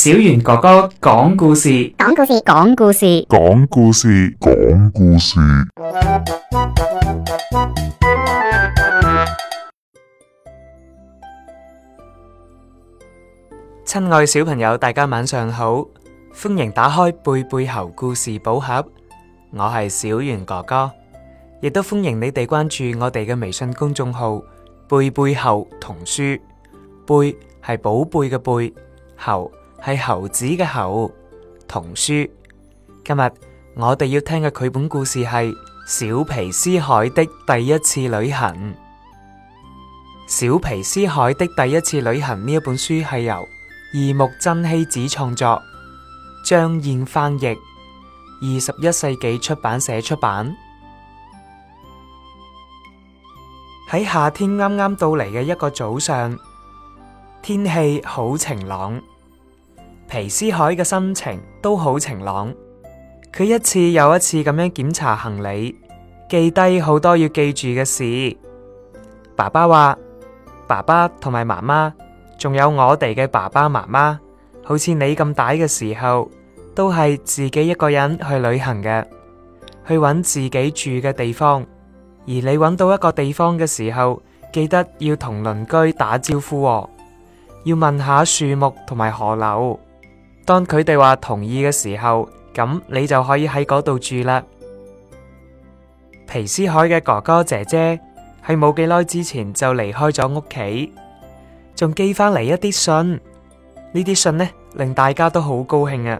.小袁哥哥講故，講故事，講故事，講故事，講故事，講故事。親愛小朋友，大家晚上好，歡迎打開貝貝猴故事寶盒。我係小袁哥哥，亦都歡迎你哋關注我哋嘅微信公眾號貝貝猴童書。貝係寶貝嘅貝，貝猴。係猴子嘅猴童書。今日我哋要聽嘅繪本故事係小皮斯凱的第一次旅行。小皮斯凱的第一次旅行，呢一本書係由二木真希子創作，張燕翻譯，二十一世紀出版社出版。喺夏天啱啱到嚟嘅一個早上，天氣好晴朗。皮斯凱嘅心情都好晴朗。佢一次又一次咁樣檢查行李，記低好多要記住嘅事。爸爸話：爸爸同埋媽媽，仲有我哋嘅爸爸媽媽，好似你咁大嘅時候，都係自己一個人去旅行嘅，去揾自己住嘅地方。而你揾到一個地方嘅時候，記得要同鄰居打招呼，要問下樹木同埋河流。當佢哋話同意嘅時候，咁你就可以喺嗰度住啦。皮斯凱嘅哥哥姐姐喺冇幾耐之前就離開咗屋企，仲寄翻嚟一啲信。呢啲信呢，令大家都好高興啊。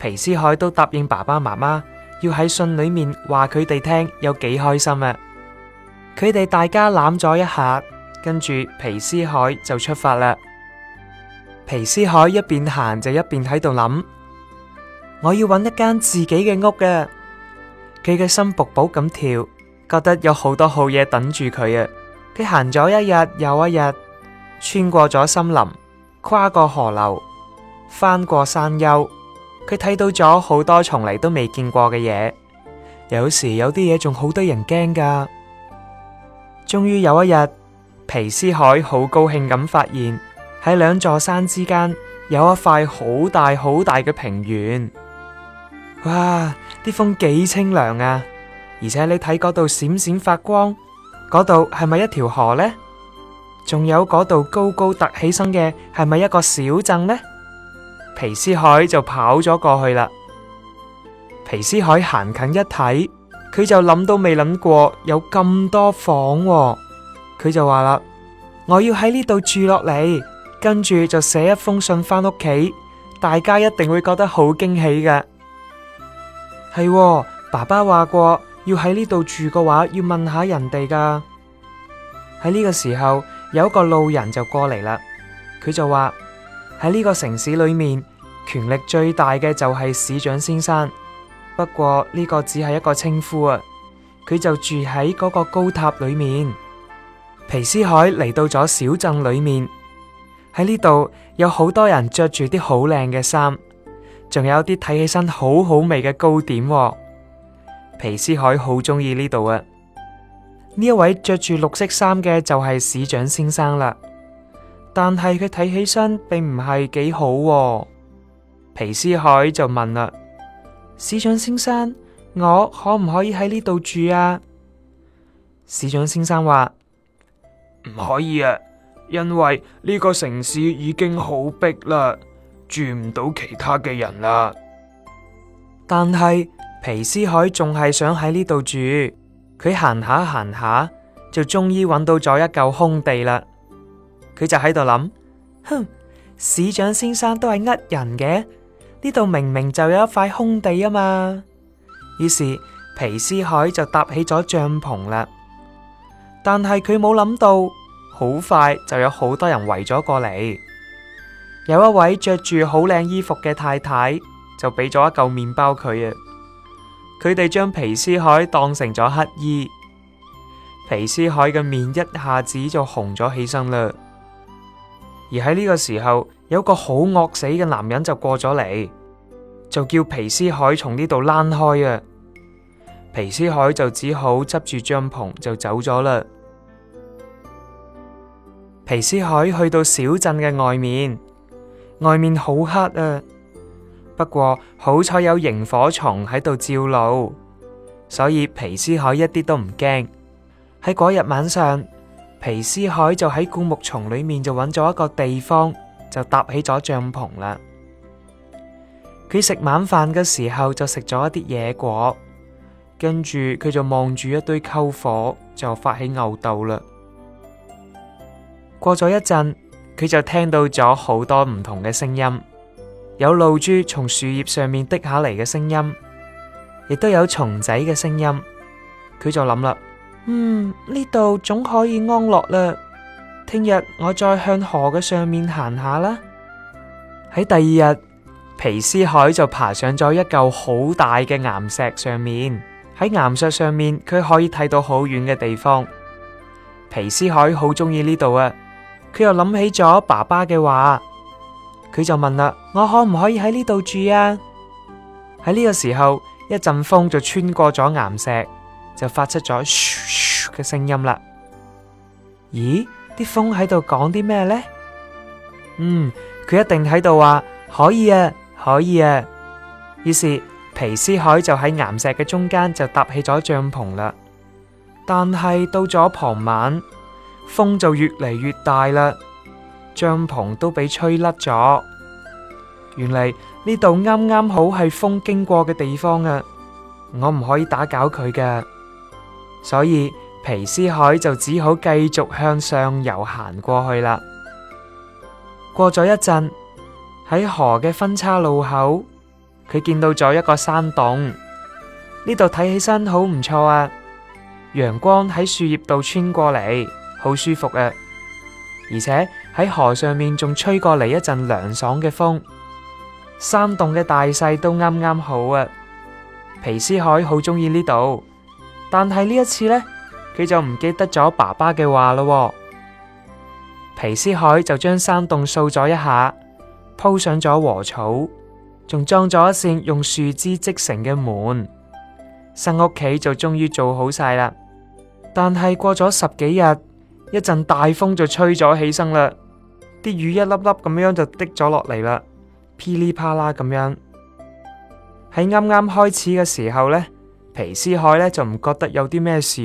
皮斯凱都答應爸爸媽媽要喺信裏面話佢哋聽有幾開心啊。佢哋大家攬咗一下，跟住皮斯凱就出發啦。皮斯凱一邊行就一邊喺度諗，我要揾一間自己嘅屋啊！佢嘅心卜卜咁跳，覺得有好多好嘢等住佢啊！佢行咗一日又一日，穿過咗森林，跨過河流，翻過山丘，佢睇到咗好多從嚟都未見過嘅嘢。有時有啲嘢仲好多人驚噶。終於有一日，皮斯凱好高興咁發現。喺兩座山之間有一塊好大好大嘅平原，哇！啲風幾清涼啊！而且你睇嗰度，閃閃發光，嗰度係咪一條河呢？仲有嗰度高高突起身嘅係咪一個小鎮呢？皮斯凱就跑咗過去啦。皮斯凱行近一睇，佢就諗都未諗過有咁多房，哦，佢就話啦：我要喺呢度住落嚟。跟住就寫一封信翻屋企，大家一定會覺得好驚喜嘅。係喎，爸爸話過，要喺呢度住嘅話，要問下人哋噶。喺呢個時候，有一個路人就過嚟啦。佢就話喺呢個城市裏面，權力最大嘅就係市長先生。不過呢個只係一個稱呼啊。佢就住喺嗰個高塔裏面。皮斯凱嚟到咗小鎮裏面。喺呢度有好多人着住啲好靚嘅衫，仲有啲睇起身好好味嘅糕點喎。皮斯凱好鍾意呢度啊！呢一位着住綠色衫嘅就係市長先生啦，但係佢睇起身並唔係幾好喎。皮斯凱就問啦：市長先生，我可唔可以喺呢度住啊？市長先生話：唔可以啊！因為呢個城市已經好逼啦，住唔到其他嘅人啦。但係皮斯凱仲係想喺呢度住，佢行下行下就終於揾到咗一嚿空地啦。佢就喺度諗：哼，市長先生都係呃人嘅，呢度明明就有一塊空地啊嘛。於是皮斯凱就搭起咗帳篷啦。但係佢冇諗到。好快就有好多人圍咗過嚟，有一位着住好靚衣服嘅太太就俾咗一嚿麵包佢啊！佢哋將皮斯凱當成咗乞衣，皮斯凱嘅面一下子就紅咗起身嘞。而喺呢個時候，有個好惡死嘅男人就過咗嚟，就叫皮斯凱從呢度躝開啊！皮斯凱就只好執住帳篷就走咗嘞。皮斯凱去到小鎮嘅外面，外面好黑啊。不過好彩有螢火蟲喺度照路，所以皮斯凱一啲都唔驚。喺嗰日晚上，皮斯凱就喺灌木叢裏面就揾咗一個地方，就搭起咗帳篷啦。佢食晚飯嘅時候就食咗一啲野果，跟住佢就望住一堆篝火就發起吽斗啦。過咗一陣，佢就聽到咗好多唔同嘅聲音，有露珠從樹葉上面滴下嚟嘅聲音，亦都有蟲仔嘅聲音。佢就諗啦，嗯，呢度總可以安樂啦。聽日我再向河嘅上面行下啦。喺第二日，皮斯凱就爬上咗一嚿好大嘅岩石上面。喺岩石上面，佢可以睇到好遠嘅地方。皮斯凱好鍾意呢度啊！佢又諗起咗爸爸嘅話，佢就問啦：我可唔可以喺呢度住啊？喺呢個時候，一陣風就穿過咗岩石，就發出咗噓噓嘅聲音啦。咦？啲風喺度講啲咩呢？嗯，佢一定喺度話可以啊，可以啊。於是皮斯凱就喺岩石嘅中間就搭起咗帳篷啦。但係到咗傍晚，風就越嚟越大啦，帳篷都俾吹甩咗。原嚟呢度啱啱好係風經過嘅地方啊！我唔可以打攪佢嘅，所以皮斯凱就只好繼續向上游行過去啦。過咗一陣，喺河嘅分岔路口，佢見到咗一個山洞。呢度睇起身好唔錯啊！陽光喺樹葉度穿過嚟。好舒服啊！而且喺河上面仲吹過嚟一陣涼爽嘅風，山洞嘅大細都啱啱好啊。皮斯凱好中意呢度，但係呢一次咧，佢就唔記得咗爸爸嘅話咯。皮斯凱就將山洞掃咗一下，鋪上咗禾草，仲裝咗一扇用樹枝織成嘅門，新屋企就終於做好晒啦。但係過咗十幾日。一陣大風就吹咗起身啦，啲雨一粒粒咁樣就滴咗落嚟啦，噼里啪啦咁樣。喺啱啱開始嘅時候呢，皮斯凱呢就唔覺得有啲咩事，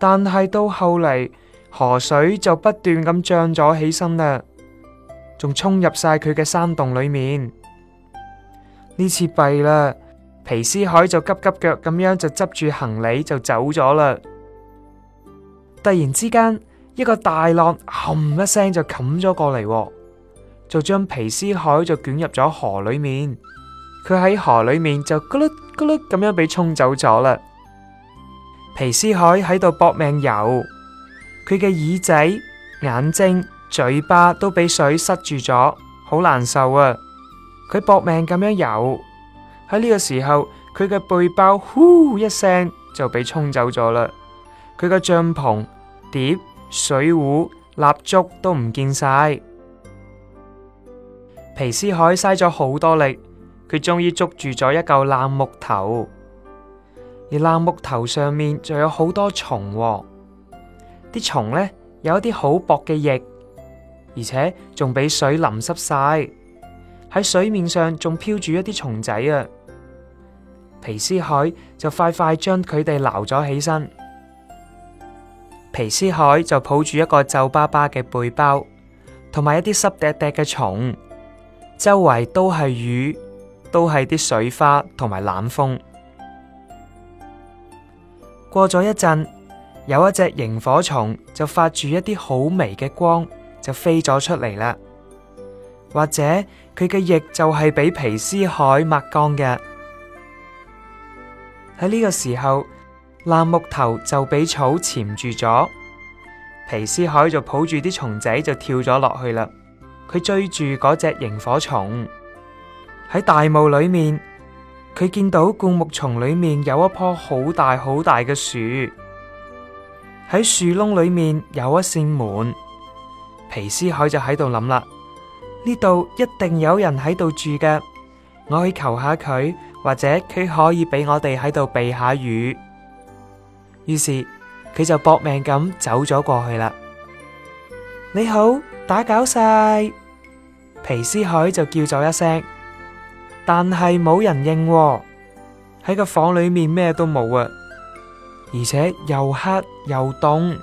但係到後嚟河水就不斷咁漲咗起身啦，仲沖入晒佢嘅山洞裏面。呢次弊啦，皮斯凱就急急腳咁樣就執住行李就走咗啦。突然之間，一個大浪，冚一聲就冚咗過嚟，哦，就將皮斯凱就捲入咗河裏面。佢喺河裏面就咕碌咕碌咁樣被沖走咗啦。皮斯凱喺度搏命游，佢嘅耳仔、眼睛、嘴巴都俾水塞住咗，好難受啊！佢搏命咁樣游。喺呢個時候，佢嘅背包呼一聲就俾沖走咗啦，佢嘅帳篷、碟、水壺、蠟燭都唔見晒，皮斯凱嘥咗好多力，佢終於捉住咗一嚿爛木頭，而爛木頭上面就有好多蟲喎，啲蟲呢，有一啲好薄嘅翼，而且仲俾水淋濕晒，喺水面上仲漂住一啲蟲仔啊！皮斯凱就快快將佢哋撈咗起身。皮斯凱就抱住一個皺巴巴嘅背包，同埋一啲濕滴滴嘅蟲，周圍都係雨，都係啲水花同埋冷風。過咗一陣，有一隻螢火蟲就發住一啲好微嘅光，就飛咗出嚟啦。或者佢嘅翼就係俾皮斯凱抹乾嘅。喺呢個時候，爛木頭就俾草鉗住咗，皮斯凱就抱住啲蟲仔就跳咗落去啦。佢追住嗰隻螢火蟲喺大霧裏面，佢見到灌木叢裏面有一棵好大好大嘅樹，喺樹窿裏面有一扇門。皮斯凱就喺度諗啦，呢度一定有人喺度住嘅，我去求下佢，或者佢可以俾我哋喺度避下雨。於是佢就搏命咁走咗過去啦。你好，打攪晒。皮斯凱就叫咗一聲，但係冇人應喎。喺個房裏面咩都冇啊，而且又黑又凍。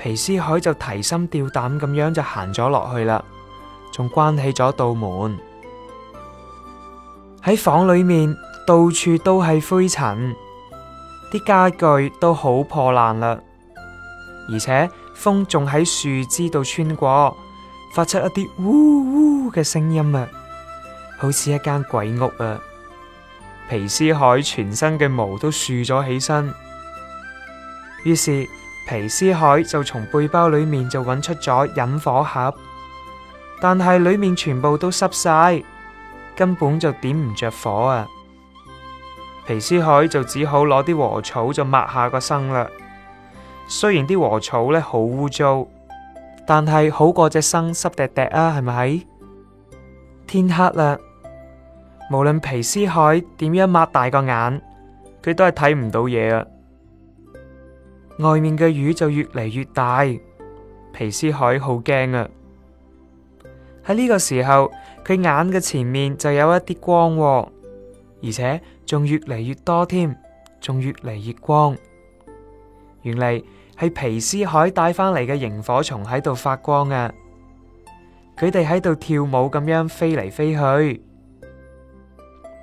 皮斯凱就提心吊膽咁樣就行咗落去啦，仲關起咗道門。喺房裏面到處都係灰塵。啲家具都好破爛啦，而且風仲喺樹枝度穿過，發出一啲嗚嗚嘅聲音啊，好似一間鬼屋啊！皮斯凱全身嘅毛都豎咗起身，於是皮斯凱就從背包裏面就揾出咗引火盒，但係裏面全部都濕晒，根本就點唔着火啊！皮斯海就只好攞啲禾草就抹下個身啦。雖然啲禾草咧好污糟，但係好過隻身濕滴滴啊，係咪？天黑啦，無論皮斯海點樣擘大個眼，佢都係睇唔到嘢啊。外面嘅雨就越嚟越大，皮斯海好驚啊！喺呢個時候，佢眼嘅前面就有一啲光啊，而且，仲越嚟越多添，仲越嚟越光。原嚟係皮斯凱帶返嚟嘅螢火蟲喺度發光啊！佢哋喺度跳舞咁樣飛嚟飛去。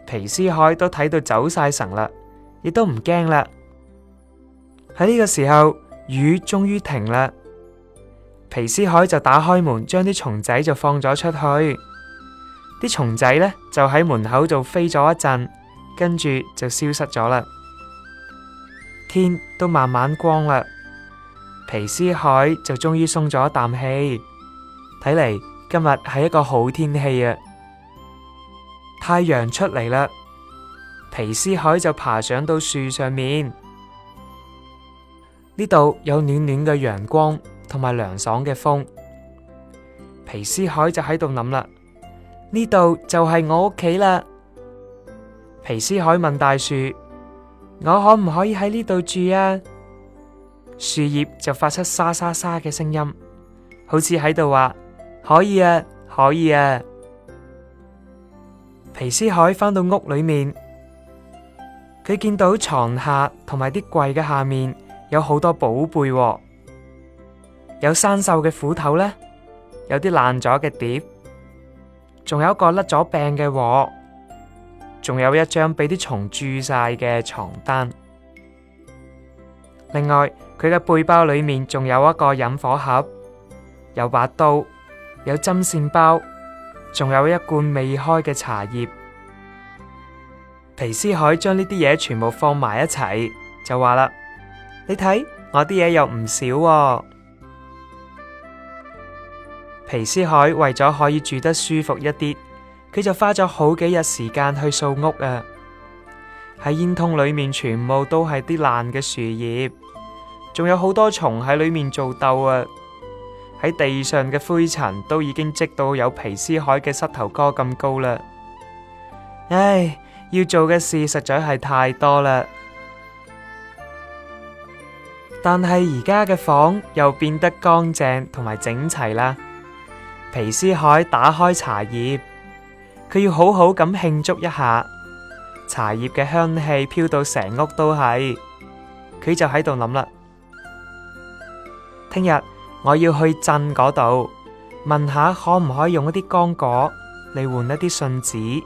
皮斯凱都睇到走晒神啦，亦都唔驚啦。喺呢個時候，雨終於停啦。皮斯凱就打開門，將啲蟲仔就放咗出去。啲蟲仔呢，就喺門口度飛咗一陣。跟住就消失咗啦，天都慢慢光啦，皮斯凱就終於鬆咗一啖氣，睇嚟今日係一個好天氣啊！太陽出嚟啦，皮斯凱就爬上到樹上面，呢度有暖暖嘅陽光同埋涼爽嘅風，皮斯凱就喺度諗啦，呢度就係我屋企啦。皮斯凱問大樹：我可唔可以喺呢度住啊？樹葉就發出沙沙沙嘅聲音，好似喺度話：可以啊，可以啊。皮斯凱返到屋裏面，佢見到床下同埋啲櫃嘅下面有好多寶貝喎，有生鏽嘅斧頭咧，有啲爛咗嘅碟，仲有一個甩咗柄嘅鑊。仲有一張俾啲蟲蛀晒嘅床單。另外，佢嘅背包裏面仲有一個引火盒，有把刀，有針線包，仲有一罐未開嘅茶葉。皮斯凱將呢啲嘢全部放埋一齊，就話啦：你睇，我啲嘢又唔少喎。皮斯凱為咗可以住得舒服一啲。佢就花咗好幾日時間去掃屋啊！喺煙筒裏面全部都係啲爛嘅樹葉，仲有好多蟲喺裏面做竇啊！喺地上嘅灰塵都已經積到有皮斯凱嘅膝頭哥咁高啦！唉，要做嘅事實在係太多啦！但係而家嘅房又變得乾淨同埋整齊啦。皮斯凱打開茶葉。佢要好好咁慶祝一下，茶葉嘅香氣飄到成屋都係，佢就喺度諗啦。聽日我要去鎮嗰度問下可唔可以用一啲乾果嚟換一啲信紙。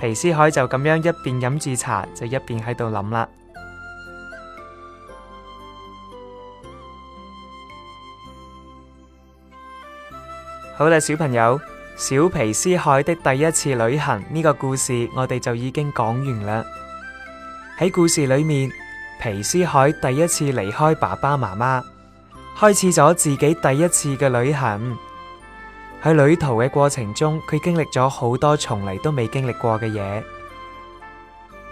皮斯凱就咁樣一邊飲住茶，就一邊喺度諗啦。 好啦，小朋友。小皮斯凱的第一次旅行，呢個故事，我哋就已經講完啦。喺故事裏面，皮斯凱第一次離開爸爸媽媽，開始咗自己第一次嘅旅行。喺旅途嘅過程中，佢經歷咗好多從嚟都未經歷過嘅嘢，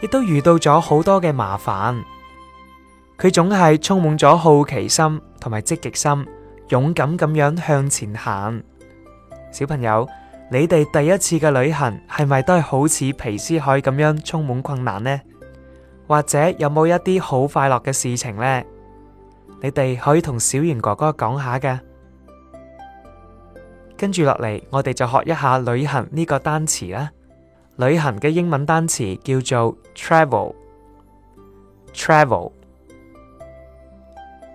亦都遇到咗好多嘅麻煩。佢總係充滿咗好奇心同埋積極心，勇敢咁樣向前行。小朋友，你哋第一次嘅旅行係咪都係好似皮斯凱咁樣充滿困難呢？或者有冇一啲好快樂嘅事情呢？你哋可以同小袁哥哥講下嘅。跟住落嚟，我哋就學一下旅行呢個單詞啦。旅行嘅英文單詞叫做 travel。travel。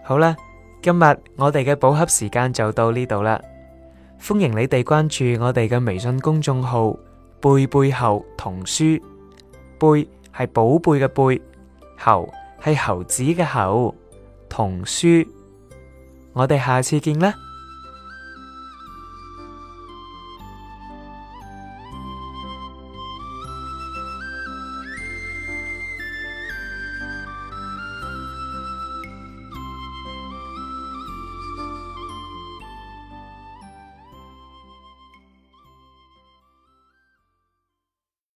好啦，今日我哋嘅補習時間就到呢度啦。歡迎你哋關注我哋嘅微信公眾號《貝貝猴童書》，貝係寶貝嘅貝，猴係猴子嘅猴。童書，我哋下次見啦。